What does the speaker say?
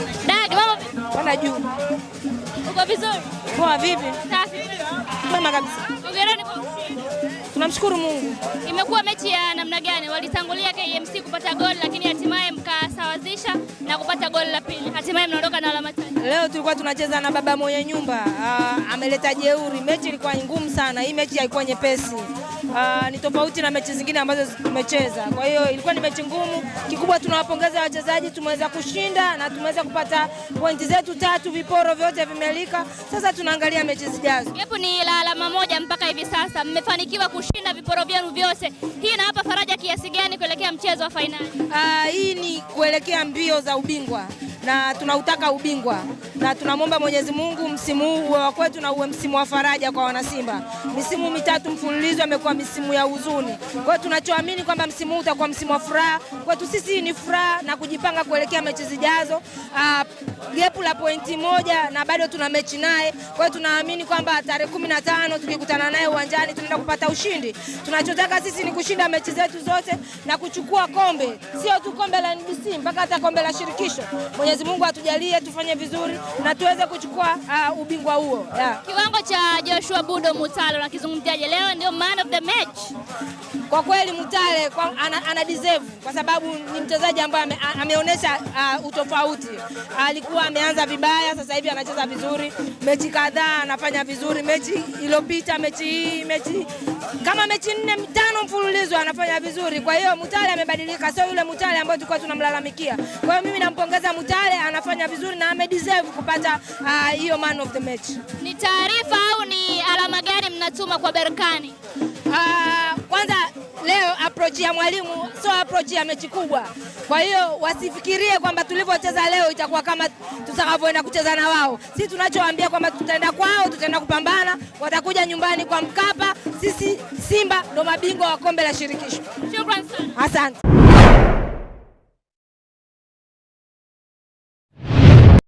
Dadi, mama bwana juu. Uko vizuri? Poa vipi? Safi. Mama kabisa. Hongereni kwa ushindi. Tunamshukuru Mungu. Imekuwa mechi ya namna gani? Walitangulia KMC kupata goli lakini hatimaye mkasawazisha na kupata goli la tulikuwa tunacheza na baba mwenye nyumba uh, ameleta jeuri. Mechi ilikuwa ngumu sana, hii mechi haikuwa nyepesi uh, ni tofauti na mechi zingine ambazo tumecheza. Kwa hiyo ilikuwa ni mechi ngumu. Kikubwa tunawapongeza wachezaji, tumeweza kushinda na tumeweza kupata pointi zetu tatu, viporo vyote vimelika. Sasa tunaangalia mechi zijazo. Gepu ni la alama moja mpaka hivi sasa, mmefanikiwa kushinda viporo vyenu vyote. Hii inawapa faraja kiasi gani kuelekea mchezo wa fainali? Uh, ah, hii ni kuelekea mbio za ubingwa na tunautaka ubingwa na tunamwomba Mwenyezi Mungu msimu huu uwe wa kwetu na uwe msimu wa faraja kwa wanasimba. Misimu mitatu mfululizo amekuwa misimu ya huzuni, kwa hiyo tunachoamini kwamba msimu huu utakuwa msimu wa furaha kwetu. Sisi ni furaha na kujipanga kuelekea mechi zijazo. Ah, gepu la pointi moja na bado tuna mechi naye. Kwa hiyo tunaamini kwamba tarehe kumi na tano tukikutana naye uwanjani tunaenda kupata ushindi. Tunachotaka sisi ni kushinda mechi zetu zote na kuchukua kombe, sio tu kombe la NBC mpaka hata kombe la shirikisho. Mwenyezi Mungu atujalie tufanye vizuri na tuweze kuchukua uh, ubingwa huo yeah. Kiwango cha Joshua Budo Mutale unakizungumziaje? Leo ndio man of the match. Kwa kweli Mutale kwa, ana, ana deserve kwa sababu ni mchezaji ambaye ameonyesha uh, utofauti alikuwa alikuwa ameanza vibaya, sasa hivi anacheza vizuri, mechi kadhaa anafanya vizuri, mechi iliyopita, mechi hii, mechi kama mechi nne mitano mfululizo anafanya vizuri. Kwa hiyo Mutale amebadilika, sio yule Mutale ambaye tulikuwa tunamlalamikia. Kwa hiyo mimi nampongeza Mutale, anafanya vizuri na amedeserve kupata ah, hiyo uh, man of the match. Ni taarifa au ni alama gani mnatuma kwa Berkane? Uh, kwanza leo approach ya mwalimu sio approach ya mechi kubwa kwa hiyo wasifikirie kwamba tulivyocheza leo itakuwa kama tutakavyoenda kucheza na wao. Sisi tunachoambia kwamba tutaenda kwao, tutaenda kupambana, watakuja nyumbani kwa Mkapa. Sisi Simba ndo mabingwa wa kombe la shirikisho. Shukrani sana. Asante.